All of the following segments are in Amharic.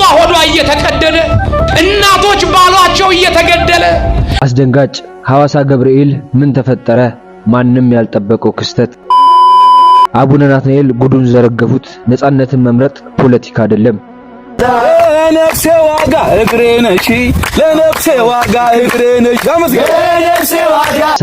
እሷ ሆዷ እየተቀደደ እናቶች ባሏቸው እየተገደለ አስደንጋጭ ሐዋሳ ገብርኤል ምን ተፈጠረ? ማንም ያልጠበቀው ክስተት። አቡነ ናትናኤል ጉዱን ዘረገፉት። ነጻነትን መምረጥ ፖለቲካ አይደለም። ለነፍሴ ዋጋ እግሬ ነሽ፣ ለነፍሴ ዋጋ እግሬ ነሽ።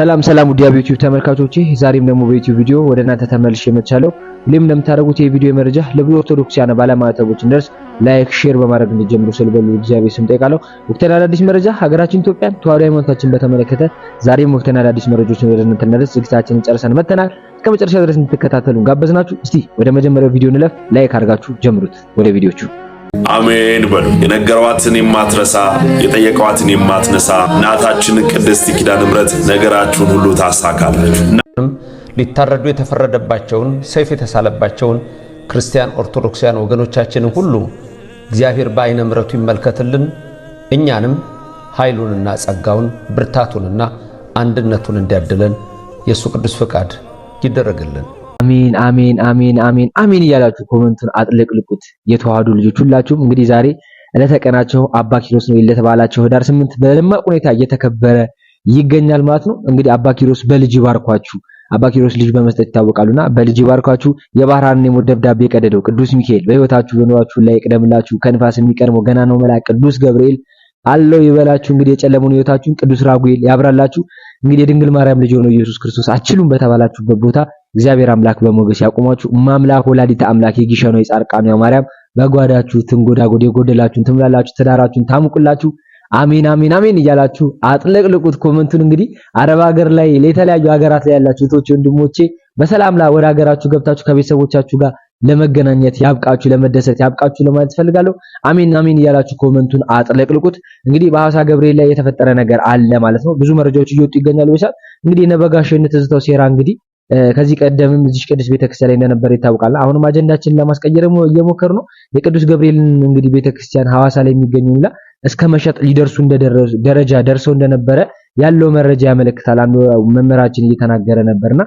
ሰላም ሰላም፣ ውድ የዩቲዩብ ተመልካቾቼ፣ ዛሬም ደግሞ በዩቲዩብ ቪዲዮ ወደ እናንተ ተመልሼ መጥቻለሁ። ሁሌም ለምታደርጉት የቪዲዮ መረጃ ለብዙ ኦርቶዶክሳውያን ባለማተቦች እንደርስ ላይክ፣ ሼር በማድረግ እንዲጀምሩ ስል በሉ እግዚአብሔር ስም ጠይቃለሁ። ወቅታዊ አዳዲስ መረጃ ሀገራችን ኢትዮጵያን ተዋሕዶ ሃይማኖታችን በተመለከተ ዛሬም ወቅታዊ አዳዲስ መረጃዎችን ወደ እናንተ እናደርስ ዝግጅታችንን ጨርሰን መተናል። እስከ መጨረሻ ድረስ እንድትከታተሉን ጋበዝናችሁ። እስቲ ወደ መጀመሪያው ቪዲዮ እንለፍ። ላይክ አድርጋችሁ ጀምሩት። ወደ ቪዲዮቹ አሜን በሉ። የነገሯትን የማትረሳ የጠየቀዋትን የማትነሳ እናታችን ቅድስት ኪዳነ ምሕረት ነገራችሁን ሁሉ ታሳካላችሁ። ሊታረዱ የተፈረደባቸውን ሰይፍ የተሳለባቸውን ክርስቲያን ኦርቶዶክሳውያን ወገኖቻችንን ሁሉ እግዚአብሔር በአይነ ምረቱ ይመልከትልን። እኛንም ኃይሉንና ጸጋውን ብርታቱንና አንድነቱን እንዲያድለን የእሱ ቅዱስ ፈቃድ ይደረግልን። አሜን፣ አሜን፣ አሜን፣ አሜን፣ አሜን እያላችሁ ኮመንቱን አጥለቅልቁት። የተዋህዱ ልጆች ሁላችሁም እንግዲህ ዛሬ ዕለተቀናቸው አባ ኪሮስ ነው ለተባላቸው ህዳር ስምንት በደማቅ ሁኔታ እየተከበረ ይገኛል ማለት ነው። እንግዲህ አባ ኪሮስ በልጅ ይባርኳችሁ። አባኪሮስ ልጅ በመስጠት ይታወቃሉና በልጅ ይባርኳችሁ። የባህራን የሞት ደብዳቤ ቅዱስ ሚካኤል በህይወታችሁ በኑሯችሁ ላይ ይቅደምላችሁ። ከንፋስ የሚቀድመው ገና ነው መልአክ ቅዱስ ገብርኤል አለው ይበላችሁ። እንግዲህ የጨለሙን ህይወታችሁን ቅዱስ ራጉኤል ያብራላችሁ። እንግዲህ የድንግል ማርያም ልጅ የሆነው ኢየሱስ ክርስቶስ አችሉም በተባላችሁበት ቦታ እግዚአብሔር አምላክ በሞገስ ያቆማችሁ። ማምላክ ወላዲተ አምላክ የጊሸኗ የጻርቃኗ ማርያም በጓዳችሁ ትንጎዳጎድ፣ የጎደላችሁን ትምላላችሁ፣ ትዳራችሁን ታሙቁላችሁ። አሚን አሚን አሚን እያላችሁ አጥለቅልቁት ኮመንቱን። እንግዲህ አረብ ሀገር ላይ የተለያዩ ሀገራት ላይ ያላችሁ እህቶች ወንድሞቼ በሰላም ላይ ወደ ሀገራችሁ ገብታችሁ ከቤተሰቦቻችሁ ጋር ለመገናኘት ያብቃችሁ፣ ለመደሰት ያብቃችሁ ለማለት ፈልጋለሁ። አሚን አሚን እያላችሁ ኮመንቱን አጥለቅልቁት። እንግዲህ በሐዋሳ ገብርኤል ላይ የተፈጠረ ነገር አለ ማለት ነው። ብዙ መረጃዎች እየወጡ ይገኛሉ። እንግዲህ እነ ትዝታው ሴራ እንግዲህ ከዚህ ቀደምም እዚህ ቅዱስ ቤተክርስቲያን ላይ እንደነበረ ይታወቃል። አሁንም አጀንዳችንን ለማስቀየር እየሞከሩ ነው። የቅዱስ ገብርኤልን እንግዲህ ቤተክርስቲያን ሐዋሳ ላይ የሚገኙና እስከ መሸጥ ሊደርሱ እንደደረሱ ደረጃ ደርሰው እንደነበረ ያለው መረጃ ያመለክታል። አንዱ መምህራችን እየተናገረ ነበርና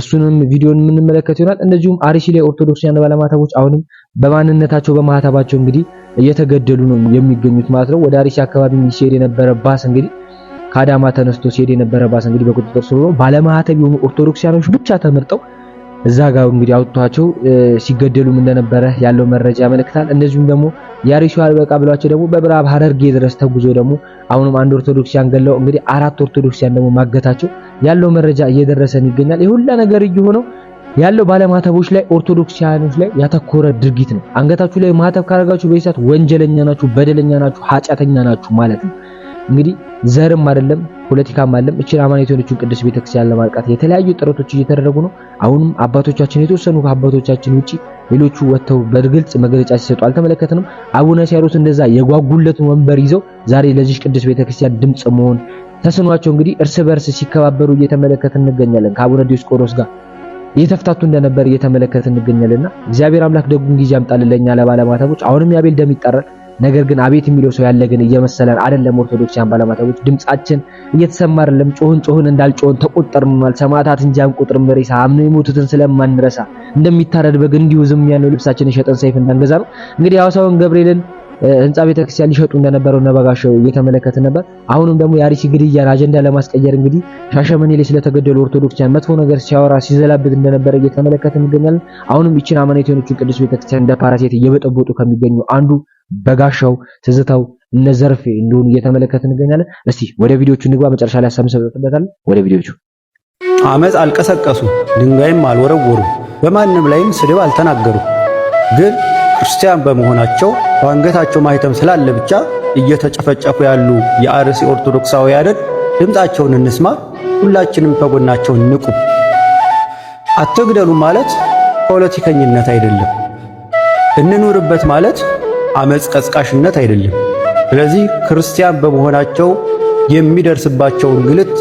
እሱንም ቪዲዮን የምንመለከት ይሆናል። እንደዚሁም አርሲ ላይ ኦርቶዶክሳውያን ባለማተቦች አሁንም በማንነታቸው በማህተባቸው እንግዲህ እየተገደሉ ነው የሚገኙት ማለት ነው። ወደ አርሲ አካባቢ ሲሄድ የነበረ ባስ እንግዲህ ከአዳማ ተነስቶ ሲሄድ የነበረ ባስ እንግዲህ በቁጥጥር ስር ሆኖ ባለማህተብ የሆኑ ኦርቶዶክሲያኖች ብቻ ተመርጠው እዛ ጋር እንግዲህ አውጥቷቸው ሲገደሉም እንደነበረ ያለው መረጃ ያመለክታል። እንደዚሁም ደግሞ ያሪሱ አልበቃ ብሏቸው ደግሞ በምዕራብ ሐረርጌ ድረስ ተጉዞ ደግሞ አሁንም አንድ ኦርቶዶክሲያን ገለው እንግዲህ አራት ኦርቶዶክሲያን ደግሞ ማገታቸው ያለው መረጃ እየደረሰን ይገኛል። የሁላ ነገር እየሆነው ያለው ባለማተቦች ላይ ኦርቶዶክሲያኖች ላይ ያተኮረ ድርጊት ነው። አንገታችሁ ላይ ማተብ ካረጋችሁ በዚህ ወንጀለኛ ናችሁ፣ በደለኛ ናችሁ፣ ኃጢአተኛ ናችሁ ማለት ነው እንግዲህ ዘርም አይደለም ፖለቲካም አይደለም። እቺን አማኔት ቅዱስ ቤተክርስቲያን ለማርቃት የተለያዩ ጥረቶች እየተደረጉ ነው። አሁንም አባቶቻችን የተወሰኑ አባቶቻችን ውጪ ሌሎቹ ወጥተው በግልጽ መግለጫ ሲሰጡ አልተመለከትንም። አቡነ ሳይሮስ እንደዛ የጓጉለትን ወንበር ይዘው ዛሬ ለዚህ ቅዱስ ቤተክርስቲያን ድምጽ መሆን ተስኗቸው እንግዲህ እርስ በርስ ሲከባበሩ እየተመለከት እንገኛለን። ከአቡነ ዲዮስቆሮስ ጋር የተፍታቱ እንደነበር እየተመለከትን እንገኛለንና እግዚአብሔር አምላክ ደጉን ጊዜ ያምጣልን ለኛ ለባለማተቦች። አሁንም የአቤል ደም ይጣራል። ነገር ግን አቤት የሚለው ሰው ያለ ግን እየመሰለን አይደለም። ኦርቶዶክሳውያን ባለማተቦች ድምጻችን እየተሰማ አይደለም። ጮህን ጮህን እንዳልጮህን ተቆጠርናል። ሰማዕታት እንጂ አንቆጥርም ሬሳ አምነው የሞቱትን ስለማንረሳ እንደሚታረድ በግ እንዲሁ ዝም ያለው ልብሳችንን ሸጠን ሰይፍ እንዳንገዛ ነው። እንግዲህ ሐዋሳውን ገብርኤልን ህንፃ ቤተክርስቲያን ሊሸጡ እንደነበረው እነ በጋሻው እየተመለከተ ነበር። አሁንም ደግሞ የአርሲ ግድያን አጀንዳ ለማስቀየር እንግዲህ ሻሸመኔ ላይ ስለተገደሉ ኦርቶዶክሳን መጥፎ ነገር ሲያወራ ሲዘላብት እንደነበረ እየተመለከተ እንገኛለን። አሁንም ይችን አማኔት የሆነችውን ቅዱስ ቤተክርስቲያን እንደ ፓራሴት እየበጠበጡ ከሚገኙ አንዱ በጋሻው ትዝታው እነ ዘርፌ እንደሆኑ እየተመለከተ እንገኛለን። እስቲ ወደ ቪዲዮቹ እንግባ። መጨረሻ ላይ ሀሳብ እንሰጥበታለን። ወደ ቪዲዮቹ አመፅ አልቀሰቀሱ፣ ድንጋይም አልወረወሩ፣ በማንም ላይም ስድብ አልተናገሩ። ግን ክርስቲያን በመሆናቸው በአንገታቸው ማህተም ስላለ ብቻ እየተጨፈጨፉ ያሉ የአርሲ ኦርቶዶክሳውያንን ድምፃቸውን እንስማ። ሁላችንም ከጎናቸውን ንቁ። አትግደሉ ማለት ፖለቲከኝነት አይደለም። እንኑርበት ማለት አመፅ ቀስቃሽነት አይደለም። ስለዚህ ክርስቲያን በመሆናቸው የሚደርስባቸውን ግልት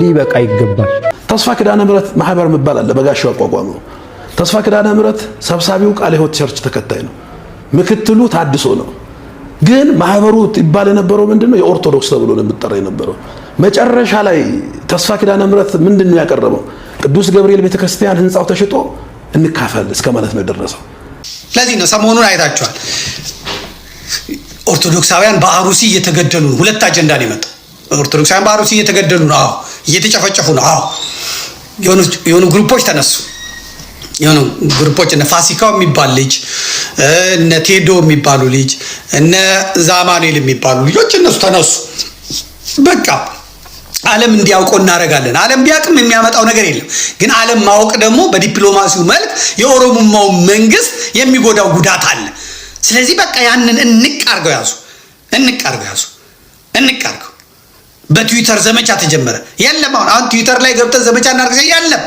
ሊበቃ ይገባል። ተስፋ ኪዳነ ምሕረት ማህበር መባል አለ። በጋሻው አቋቋመው። ተስፋ ኪዳነ ምሕረት ሰብሳቢው ቃለ ሕይወት ቸርች ተከታይ ነው። ምክትሉ ታድሶ ነው። ግን ማህበሩ ይባል የነበረው ምንድነው? የኦርቶዶክስ ተብሎ ነው የሚጠራ የነበረው። መጨረሻ ላይ ተስፋ ኪዳነ ምሕረት ምንድነው ያቀረበው? ቅዱስ ገብርኤል ቤተክርስቲያን ህንፃው ተሽጦ እንካፈል እስከ ማለት ነው የደረሰው። ለዚህ ነው ሰሞኑን አይታችኋል፣ ኦርቶዶክሳውያን በአሩሲ እየተገደሉ ነው። ሁለት አጀንዳ ነው የመጣው። ኦርቶዶክሳውያን በአሩሲ እየተገደሉ ነው፣ አዎ፣ እየተጨፈጨፉ ነው፣ አዎ። የሆኑ ግሩፖች ተነሱ የሆኑ ግሩፖች እነ ፋሲካው የሚባል ልጅ እነ ቴዶ የሚባሉ ልጅ እነ ዛማኔል የሚባሉ ልጆች እነሱ ተነሱ። በቃ ዓለም እንዲያውቀው እናደርጋለን። ዓለም ቢያውቅም የሚያመጣው ነገር የለም። ግን ዓለም ማወቅ ደግሞ በዲፕሎማሲው መልክ የኦሮሞማው መንግስት የሚጎዳው ጉዳት አለ። ስለዚህ በቃ ያንን እንቃርገው ያዙ፣ እንቃርገው ያዙ፣ እንቃርገው። በትዊተር ዘመቻ ተጀመረ። የለም አሁን አሁን ትዊተር ላይ ገብተን ዘመቻ እናደርግ የለም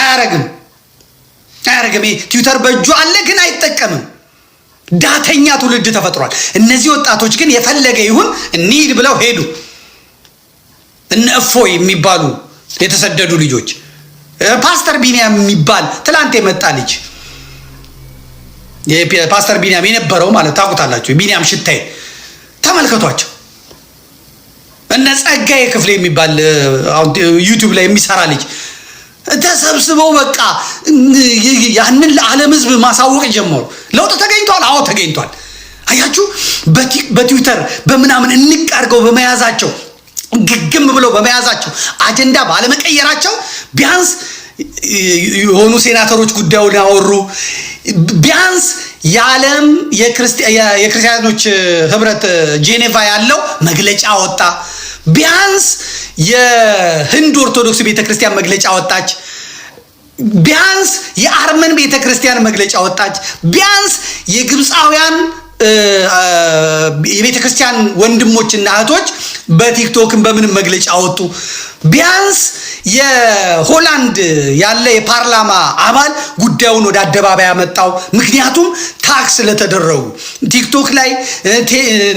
አያረግም። አያደርግም። ትዊተር በእጁ አለ ግን አይጠቀምም። ዳተኛ ትውልድ ተፈጥሯል። እነዚህ ወጣቶች ግን የፈለገ ይሁን እንሂድ ብለው ሄዱ። እነ እፎይ የሚባሉ የተሰደዱ ልጆች፣ ፓስተር ቢንያም የሚባል ትላንት የመጣ ልጅ ፓስተር ቢንያም የነበረው ማለት ታውቁታላችሁ፣ ቢንያም ሽታይ ተመልከቷቸው። እነ ጸጋዬ ክፍሌ የሚባል ዩቱብ ላይ የሚሰራ ልጅ ተሰብስበው በቃ ያንን ለዓለም ህዝብ ማሳወቅ ጀመሩ። ለውጥ ተገኝቷል። አዎ ተገኝቷል። አያችሁ፣ በትዊተር በምናምን እንቅ በመያዛቸው ግግም ብለው በመያዛቸው አጀንዳ ባለመቀየራቸው ቢያንስ የሆኑ ሴናተሮች ጉዳዩን ያወሩ ቢያንስ የዓለም የክርስቲያኖች ህብረት ጄኔቫ ያለው መግለጫ ወጣ። ቢያንስ የህንድ ኦርቶዶክስ ቤተክርስቲያን መግለጫ ወጣች። ቢያንስ የአርመን ቤተክርስቲያን መግለጫ ወጣች። ቢያንስ የግብፃውያን የቤተ ክርስቲያን ወንድሞችና እህቶች በቲክቶክን በምንም መግለጫ አወጡ። ቢያንስ የሆላንድ ያለ የፓርላማ አባል ጉዳዩን ወደ አደባባይ ያመጣው ምክንያቱም ታክስ ስለተደረጉ ቲክቶክ ላይ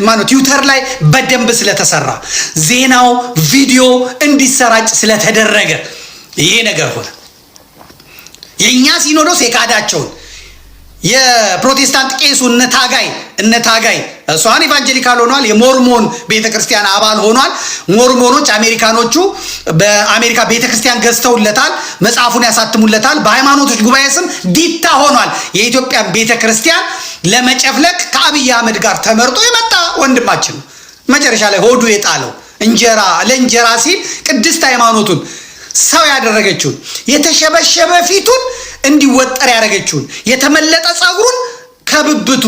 ማነው ትዊተር ላይ በደንብ ስለተሰራ ዜናው ቪዲዮ እንዲሰራጭ ስለተደረገ ይሄ ነገር ሆነ። የእኛ ሲኖዶስ የካዳቸውን የፕሮቴስታንት ቄሱ እነ ታጋይ እነ ታጋይ እሷን ኢቫንጀሊካል ሆኗል። የሞርሞን ቤተክርስቲያን አባል ሆኗል። ሞርሞኖች አሜሪካኖቹ በአሜሪካ ቤተክርስቲያን ገዝተውለታል፣ መጽሐፉን ያሳትሙለታል። በሃይማኖቶች ጉባኤ ስም ዲታ ሆኗል። የኢትዮጵያ ቤተክርስቲያን ለመጨፍለቅ ከአብይ አህመድ ጋር ተመርጦ የመጣ ወንድማችን ነው። መጨረሻ ላይ ሆዱ የጣለው እንጀራ ለእንጀራ ሲል ቅድስት ሃይማኖቱን ሰው ያደረገችውን የተሸበሸበ ፊቱን እንዲወጣ እንዲፈጠር ያደረገችውን የተመለጠ ጸጉሩን ከብብቱ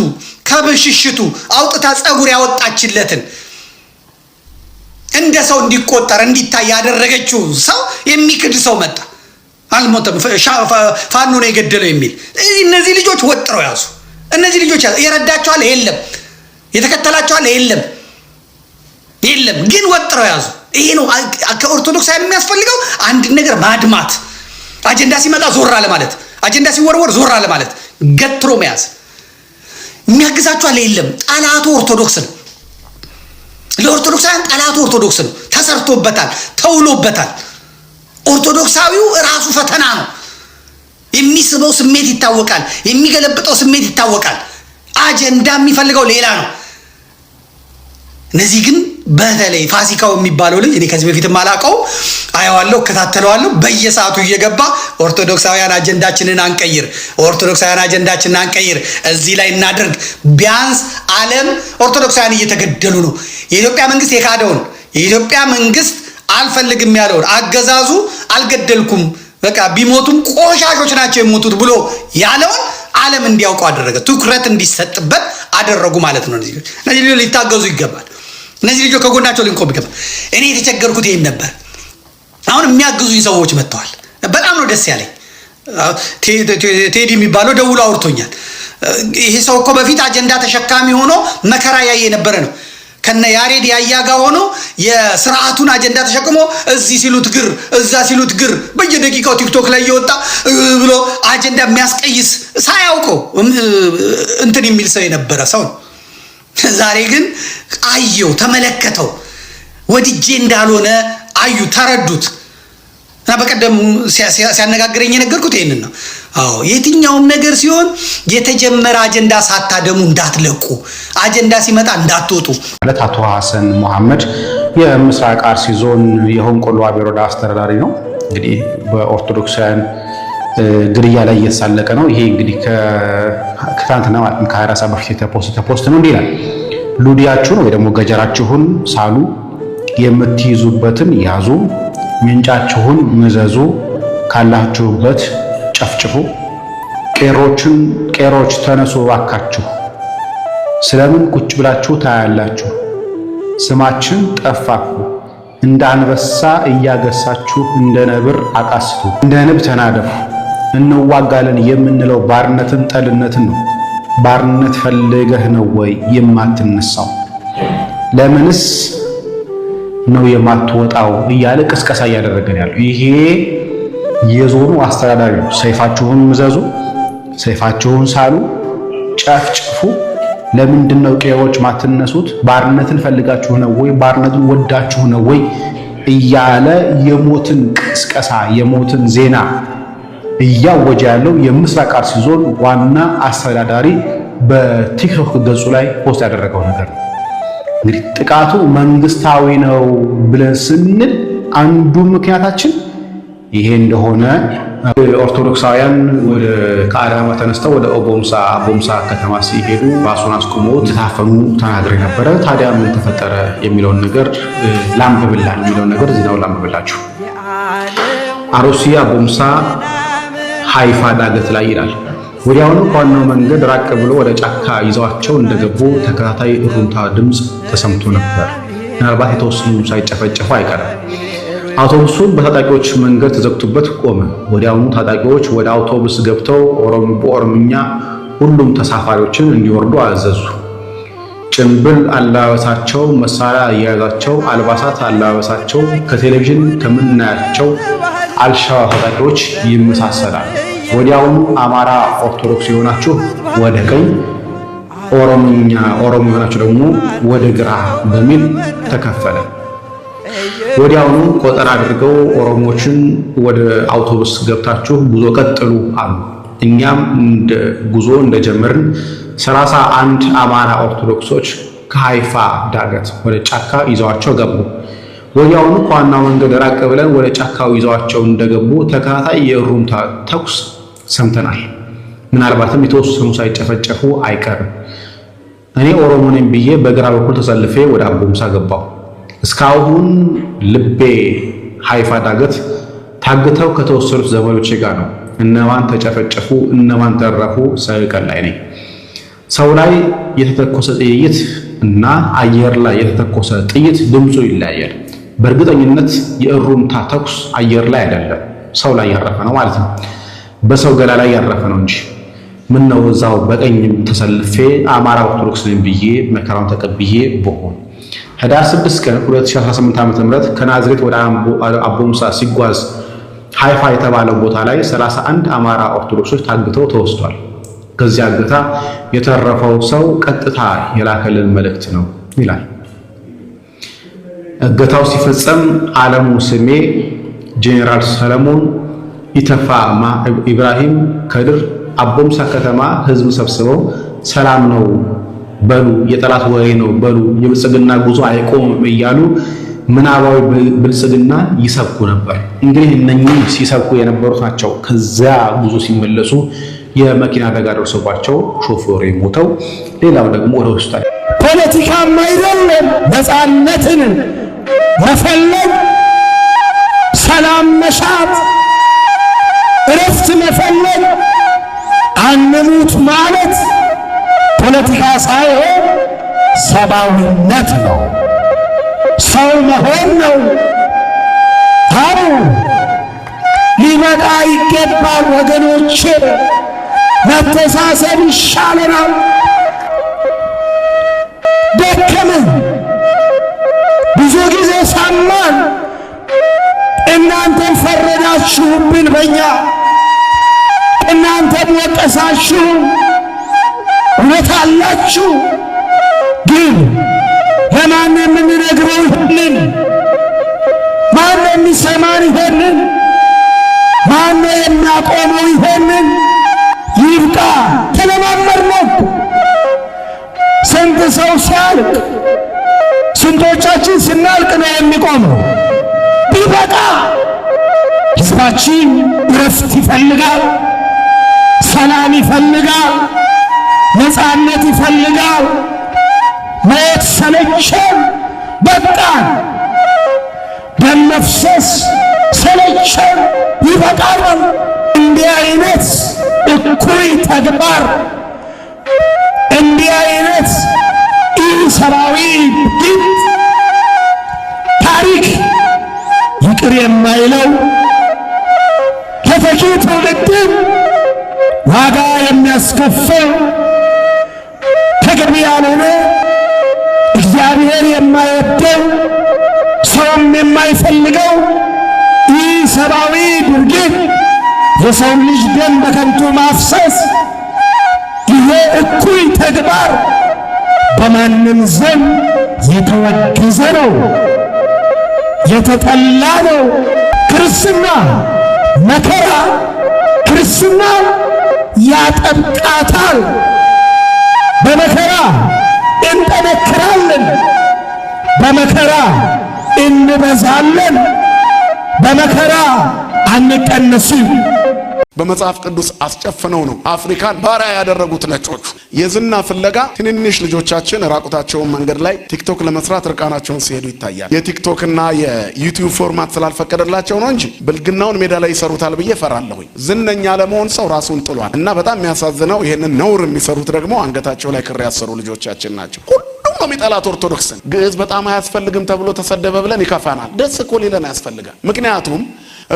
ከብሽሽቱ አውጥታ ጸጉር ያወጣችለትን እንደ ሰው እንዲቆጠር እንዲታይ ያደረገችው ሰው የሚክድ ሰው መጣ። አልሞተም፣ ፋኖ ነው የገደለው የሚል እነዚህ ልጆች ወጥረው ያዙ። እነዚህ ልጆች የረዳቸዋል የለም፣ የተከተላቸዋል የለም የለም፣ ግን ወጥረው ያዙ። ይሄ ነው ከኦርቶዶክስ የሚያስፈልገው አንድ ነገር ማድማት፣ አጀንዳ ሲመጣ ዞር አለ ማለት አጀንዳ ሲወርወር ዞር አለ ማለት ገትሮ መያዝ የሚያግዛችሁ አለ የለም። ጠላቱ ኦርቶዶክስ ነው። ለኦርቶዶክሳውያን ጠላቱ ኦርቶዶክስ ነው። ተሰርቶበታል፣ ተውሎበታል። ኦርቶዶክሳዊው ራሱ ፈተና ነው። የሚስበው ስሜት ይታወቃል። የሚገለብጠው ስሜት ይታወቃል። አጀንዳ የሚፈልገው ሌላ ነው። እነዚህ ግን በተለይ ፋሲካው የሚባለው ልጅ እኔ ከዚህ በፊት ማላቀው አየዋለሁ፣ እከታተለዋለሁ። በየሰዓቱ እየገባ ኦርቶዶክሳውያን አጀንዳችንን አንቀይር፣ ኦርቶዶክሳውያን አጀንዳችንን አንቀይር፣ እዚህ ላይ እናደርግ። ቢያንስ ዓለም ኦርቶዶክሳውያን እየተገደሉ ነው። የኢትዮጵያ መንግስት የካደውን የኢትዮጵያ መንግስት አልፈልግም ያለውን አገዛዙ አልገደልኩም፣ በቃ ቢሞቱም ቆሻሾች ናቸው የሞቱት ብሎ ያለውን ዓለም እንዲያውቀው አደረገ። ትኩረት እንዲሰጥበት አደረጉ ማለት ነው። እነዚህ ሊታገዙ ይገባል። እነዚህ ልጆች ከጎናቸው ልንቆም ይገባል። እኔ የተቸገርኩት ይህን ነበር። አሁን የሚያግዙኝ ሰዎች መጥተዋል። በጣም ነው ደስ ያለኝ። ቴዲ የሚባለው ደውሎ አውርቶኛል። ይሄ ሰው እኮ በፊት አጀንዳ ተሸካሚ ሆኖ መከራ ያየ የነበረ ነው። ከነ ያሬድ ያያጋ ሆኖ የስርዓቱን አጀንዳ ተሸክሞ እዚህ ሲሉት ግር፣ እዛ ሲሉት ግር፣ በየደቂቃው ቲክቶክ ላይ እየወጣ ብሎ አጀንዳ የሚያስቀይስ ሳያውቀው እንትን የሚል ሰው የነበረ ሰው ነው። ዛሬ ግን አየው፣ ተመለከተው። ወድጄ እንዳልሆነ አዩ፣ ተረዱት። እና በቀደም ሲያነጋግረኝ የነገርኩት ይህንን ነው። አዎ የትኛውም ነገር ሲሆን የተጀመረ አጀንዳ ሳታደሙ እንዳትለቁ፣ አጀንዳ ሲመጣ እንዳትወጡ። ማለት አቶ ሀሰን ሙሐመድ የምስራቅ አርሲ ዞን የሆንቆሎ ዋቤ አስተዳዳሪ ነው። እንግዲህ በኦርቶዶክሳውያን ግድያ ላይ እየተሳለቀ ነው። ይሄ እንግዲህ ከትናንትና ማለትም ከ24 ሰዓት በፊት የተፖስተ ፖስት ነው። እንዲህ ይላል ሉዲያችሁን ወይ ደግሞ ገጀራችሁን ሳሉ፣ የምትይዙበትን ያዙ፣ ምንጫችሁን ምዘዙ፣ ካላችሁበት ጨፍጭፉ። ቄሮችን ቄሮች ተነሱ ባካችሁ፣ ስለምን ቁጭ ብላችሁ ታያላችሁ? ስማችን ጠፋኩ እንደ አንበሳ እያገሳችሁ እንደ ነብር አቃስቱ እንደ ንብ ተናደፉ። እንዋጋለን የምንለው ባርነትን፣ ጠልነትን ነው። ባርነት ፈልገህ ነው ወይ የማትነሳው? ለምንስ ነው የማትወጣው? እያለ ቅስቀሳ እያደረገን ያለው ይሄ የዞኑ አስተዳዳሪ ነው። ሰይፋችሁን ምዘዙ፣ ሰይፋችሁን ሳሉ፣ ጨፍጭፉ። ለምንድን ነው ቄዎች ማትነሱት? ባርነትን ፈልጋችሁ ነው ወይ? ባርነትን ወዳችሁ ነው ወይ? እያለ የሞትን ቅስቀሳ የሞትን ዜና እያወጀ ያለው የምስራቅ አርሲ ዞን ዋና አስተዳዳሪ በቲክቶክ ገጹ ላይ ፖስት ያደረገው ነገር ነው። እንግዲህ ጥቃቱ መንግስታዊ ነው ብለን ስንል አንዱ ምክንያታችን ይሄ እንደሆነ ኦርቶዶክሳውያን ወደ ከአዳማ ተነስተው ወደ ኦቦምሳ ቦምሳ ከተማ ሲሄዱ ባሱን አስቆሞ እንደታፈኑ ተናግሬ ነበረ። ታዲያ ምን ተፈጠረ የሚለውን ነገር ላንብብላ የሚለውን ነገር ዜናውን ላንብብላችሁ። አሮሲያ ቦምሳ ሃይፋ ዳገት ላይ ይላል። ወዲያውኑ ከዋናው መንገድ ራቅ ብሎ ወደ ጫካ ይዘዋቸው እንደገቡ ተከታታይ እሩምታ ድምፅ ተሰምቶ ነበር። ምናልባት የተወሰኑ ሳይጨፈጨፉ አይቀርም። አውቶቡሱ በታጣቂዎች መንገድ ተዘግቶበት ቆመ። ወዲያውኑ ታጣቂዎች ወደ አውቶቡስ ገብተው በኦሮምኛ ሁሉም ተሳፋሪዎችን እንዲወርዱ አዘዙ። ጭንብል አለባበሳቸው፣ መሳሪያ አያያዛቸው፣ አልባሳት አለባበሳቸው ከቴሌቪዥን ከምናያቸው አልሻዋ ይመሳሰላል። ወዲያውኑ አማራ ኦርቶዶክስ የሆናችሁ ወደ ቀኝ፣ ኦሮምኛ ኦሮሞ የሆናችሁ ደግሞ ወደ ግራ በሚል ተከፈለ። ወዲያውኑ ቆጠር አድርገው ኦሮሞችን ወደ አውቶቡስ ገብታችሁ ጉዞ ቀጥሉ አሉ። እኛም ጉዞ እንደጀመርን ሰላሳ አንድ አማራ ኦርቶዶክሶች ከሀይፋ ዳገት ወደ ጫካ ይዘዋቸው ገቡ። ወዲያውኑ ከዋና መንገድ ራቅ ብለን ወደ ጫካው ይዘዋቸው እንደገቡ ተከታታይ የእሩምታ ተኩስ ሰምተናል። ምናልባትም የተወሰኑ ሳይጨፈጨፉ አይቀርም። እኔ ኦሮሞ ነኝ ብዬ በግራ በኩል ተሰልፌ ወደ አቦምሳ ገባሁ። እስካሁን ልቤ ሀይፋ ዳገት ታግተው ከተወሰዱት ዘመዶቼ ጋር ነው። እነማን ተጨፈጨፉ፣ እነማን ተረፉ ሳይቀር ላይ ነኝ። ሰው ላይ የተተኮሰ ጥይት እና አየር ላይ የተተኮሰ ጥይት ድምፁ ይለያያል። በእርግጠኝነት የእሩምታ ተኩስ አየር ላይ አይደለም፣ ሰው ላይ ያረፈ ነው ማለት ነው። በሰው ገላ ላይ ያረፈ ነው እንጂ ምን ነው እዛው በቀኝም ተሰልፌ አማራ ኦርቶዶክስ ነኝ ብዬ መከራውን ተቀብዬ በሆን ህዳር 6 ቀን 2018 ዓ ም ከናዝሬት ወደ አቦ ሙሳ ሲጓዝ ሃይፋ የተባለው ቦታ ላይ 31 አማራ ኦርቶዶክሶች ታግተው ተወስዷል። ከዚያ እገታ የተረፈው ሰው ቀጥታ የላከልን መልእክት ነው ይላል። እገታው ሲፈጸም አለሙ ስሜ፣ ጄኔራል ሰለሞን ኢተፋ ኢብራሂም ከድር አቦምሳ ከተማ ህዝብ ሰብስበው ሰላም ነው በሉ፣ የጠላት ወሬ ነው በሉ፣ የብልጽግና ጉዞ አይቆምም እያሉ ምናባዊ ብልጽግና ይሰብኩ ነበር። እንግዲህ እነኚህ ሲሰብኩ የነበሩት ናቸው። ከዚያ ጉዞ ሲመለሱ የመኪና አደጋ ደርሶባቸው ሾፌሩ ሞተው፣ ሌላው ደግሞ ወደ ሆስፒታል ፖለቲካም አይደለም ነፃነትን መፈለግ፣ ሰላም መሻት፣ እረፍት መፈለግ፣ አንሙት ማለት ፖለቲካ ሳይሆን ሰብአዊነት ነው፣ ሰው መሆን ነው። ታሩ ሊመጣ ይገባል ወገኖች፣ መተሳሰብ ይሻለናል። ደከመን ሳናን እናንተን ፈረዳችሁብን፣ በእኛ እናንተን ወቀሳችሁ። እውነት አላችሁ፣ ግን ለማን የምንነግረው ይሄንን? ማን የሚሰማን ይሄንን? ማን የሚያቆመው ይሄንን? ይብቃ። ተለማመድነው። ስንት ሰው ሲያልቅ ስንቶቻችን ስናልቅ ነው የሚቆመው። ቢበቃ ሕዝባችን እረፍት ይፈልጋል፣ ሰላም ይፈልጋል፣ ነፃነት ይፈልጋል። ማየት ሰለቸን፣ በቃን። ደም መፍሰስ ሰለቸን፣ ይበቃል። እንዲህ አይነት እኩይ ተግባር እንዲህ አይነት ሰብአዊ ግፍ ታሪክ ይቅር የማይለው ለተኪ ትውልድም ዋጋ የሚያስከፍል ተገቢ ያልሆነ እግዚአብሔር የማይወደው ሰውም የማይፈልገው ይህ ሰብአዊ ድርጊት የሰውን ልጅ ደም በከንቱ ማፍሰስ ይሄ እኩይ ተግባር በማንም ዘንድ የተወገዘ ነው፣ የተጠላ ነው። ክርስትና መከራ፣ ክርስትና ያጠብቃታል። በመከራ እንጠነክራለን፣ በመከራ እንበዛለን፣ በመከራ አንቀነስም። በመጽሐፍ ቅዱስ አስጨፍነው ነው አፍሪካን ባሪያ ያደረጉት ነጮቹ። የዝና ፍለጋ ትንንሽ ልጆቻችን ራቁታቸውን መንገድ ላይ ቲክቶክ ለመስራት እርቃናቸውን ሲሄዱ ይታያል። የቲክቶክና የዩቲዩብ ፎርማት ስላልፈቀደላቸው ነው እንጂ ብልግናውን ሜዳ ላይ ይሰሩታል ብዬ ፈራለሁኝ። ዝነኛ ለመሆን ሰው ራሱን ጥሏል እና በጣም የሚያሳዝነው ይህንን ነውር የሚሰሩት ደግሞ አንገታቸው ላይ ክር ያሰሩ ልጆቻችን ናቸው። ሁሉም የሚጠላት ኦርቶዶክስን ግዕዝ በጣም አያስፈልግም ተብሎ ተሰደበ ብለን ይከፋናል። ደስ እኮ ሊለን ያስፈልጋል። ምክንያቱም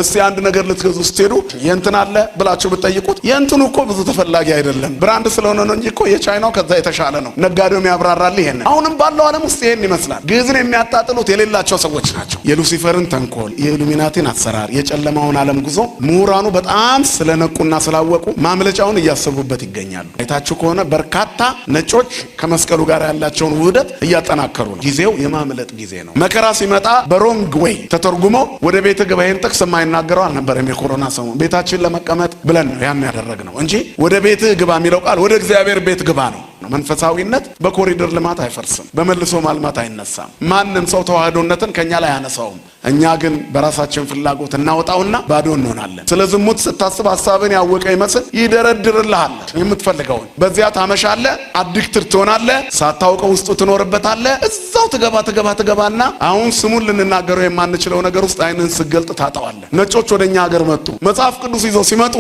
እስቲ አንድ ነገር ልትገዙ ስትሄዱ የእንትን አለ ብላችሁ ብትጠይቁት የእንትኑ እኮ ብዙ ተፈላጊ አይደለም፣ ብራንድ ስለሆነ ነው እንጂ እኮ የቻይናው ከዛ የተሻለ ነው። ነጋዴው የሚያብራራል። ይሄን አሁንም ባለው ዓለም ውስጥ ይሄን ይመስላል። ግዕዝን የሚያጣጥሉት የሌላቸው ሰዎች ናቸው። የሉሲፈርን ተንኮል፣ የኢሉሚናቲን አሰራር፣ የጨለማውን ዓለም ጉዞ ምሁራኑ በጣም ስለነቁና ስላወቁ ማምለጫውን እያሰቡበት ይገኛሉ። አይታችሁ ከሆነ በርካታ ነጮች ከመስቀሉ ጋር ያላቸውን ውህደት እያጠናከሩ ነው። ጊዜው የማምለጥ ጊዜ ነው። መከራ ሲመጣ በሮንግ ወይ ተተርጉሞ ወደ ቤተ ገባይን ጥቅስ የማይናገረው አልነበረም። የኮሮና ሰሞን ቤታችን ለመቀመጥ ብለን ነው ያን ያደረግነው እንጂ ወደ ቤትህ ግባ የሚለው ቃል ወደ እግዚአብሔር ቤት ግባ ነው። ነው። መንፈሳዊነት በኮሪደር ልማት አይፈርስም፣ በመልሶ ማልማት አይነሳም። ማንም ሰው ተዋህዶነትን ከኛ ላይ አያነሳውም። እኛ ግን በራሳችን ፍላጎት እናወጣውና ባዶ እንሆናለን። ስለ ዝሙት ስታስብ ሀሳብን ያወቀ ይመስል ይደረድርልሃል የምትፈልገውን። በዚያ ታመሻለ፣ አዲክትር ትሆናለ፣ ሳታውቀው ውስጡ ትኖርበታለ። እዛው ትገባ ትገባ ትገባና አሁን ስሙን ልንናገረው የማንችለው ነገር ውስጥ አይንን ስገልጥ ታጠዋለ። ነጮች ወደ እኛ ሀገር መጡ። መጽሐፍ ቅዱስ ይዘው ሲመጡ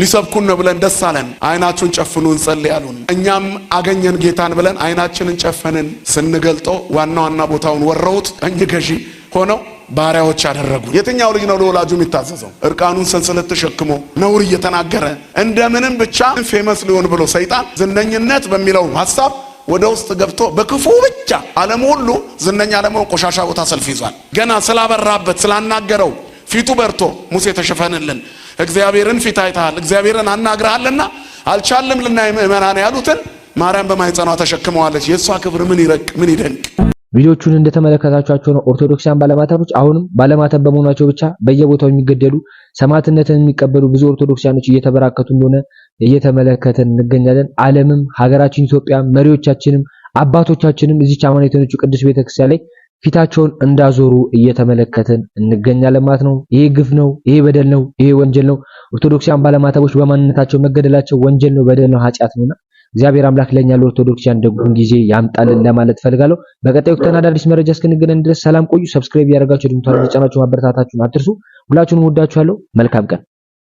ሊሰብኩን ነው ብለን ደስ አለን። አይናችሁን ጨፍኑ እንጸልይ አሉን። እኛም አገኘን ጌታን ብለን አይናችንን ጨፈንን። ስንገልጠው ዋና ዋና ቦታውን ወረውት ቀኝ ገዢ ሆነው ባሪያዎች አደረጉ። የትኛው ልጅ ነው ለወላጁ የሚታዘዘው? እርቃኑን ሰንሰለት ተሸክሞ ነውር እየተናገረ እንደምንም ብቻ ፌመስ ሊሆን ብሎ ሰይጣን ዝነኝነት በሚለው ሀሳብ ወደ ውስጥ ገብቶ በክፉ ብቻ ዓለም ሁሉ ዝነኛ ለመሆን ቆሻሻ ቦታ ሰልፍ ይዟል። ገና ስላበራበት ስላናገረው ፊቱ በርቶ ሙሴ ተሸፈንልን እግዚአብሔርን ፊት አይተሃል፣ እግዚአብሔርን አናግረሃልና አልቻልም ልናይ ምእመናን ያሉትን ማርያም በማህፀኗ ተሸክመዋለች። የእሷ ክብር ምን ይረቅ ምን ይደንቅ። ቪዲዮቹን እንደተመለከታችኋቸው ነው። ኦርቶዶክሳን ባለማተቦች አሁንም ባለማተብ በመሆናቸው ብቻ በየቦታው የሚገደሉ ሰማዕትነትን የሚቀበሉ ብዙ ኦርቶዶክሳኖች እየተበራከቱ እንደሆነ እየተመለከተን እንገኛለን። ዓለምም ሀገራችን ኢትዮጵያ መሪዎቻችንም አባቶቻችንም እዚህ አማኔተኞቹ ቅዱስ ቤተክርስቲያን ላይ ፊታቸውን እንዳዞሩ እየተመለከትን እንገኛለን ማለት ነው። ይሄ ግፍ ነው፣ ይሄ በደል ነው፣ ይሄ ወንጀል ነው። ኦርቶዶክሲያን ባለማተቦች በማንነታቸው መገደላቸው ወንጀል ነው፣ በደል ነው፣ ኃጢአት ነውና እግዚአብሔር አምላክ ለኛ ለኦርቶዶክሲያን ደጉን ጊዜ ያምጣልን ለማለት ፈልጋለሁ። በቀጣዩ ወቅት አዳዲስ መረጃ እስክንገናኝ ድረስ ሰላም ቆዩ። ሰብስክራይብ ያደርጋችሁ ድምታችሁን ተጫናችሁ ማበረታታችሁን አትርሱ። ሁላችሁንም ወዳችኋለሁ። መልካም ቀን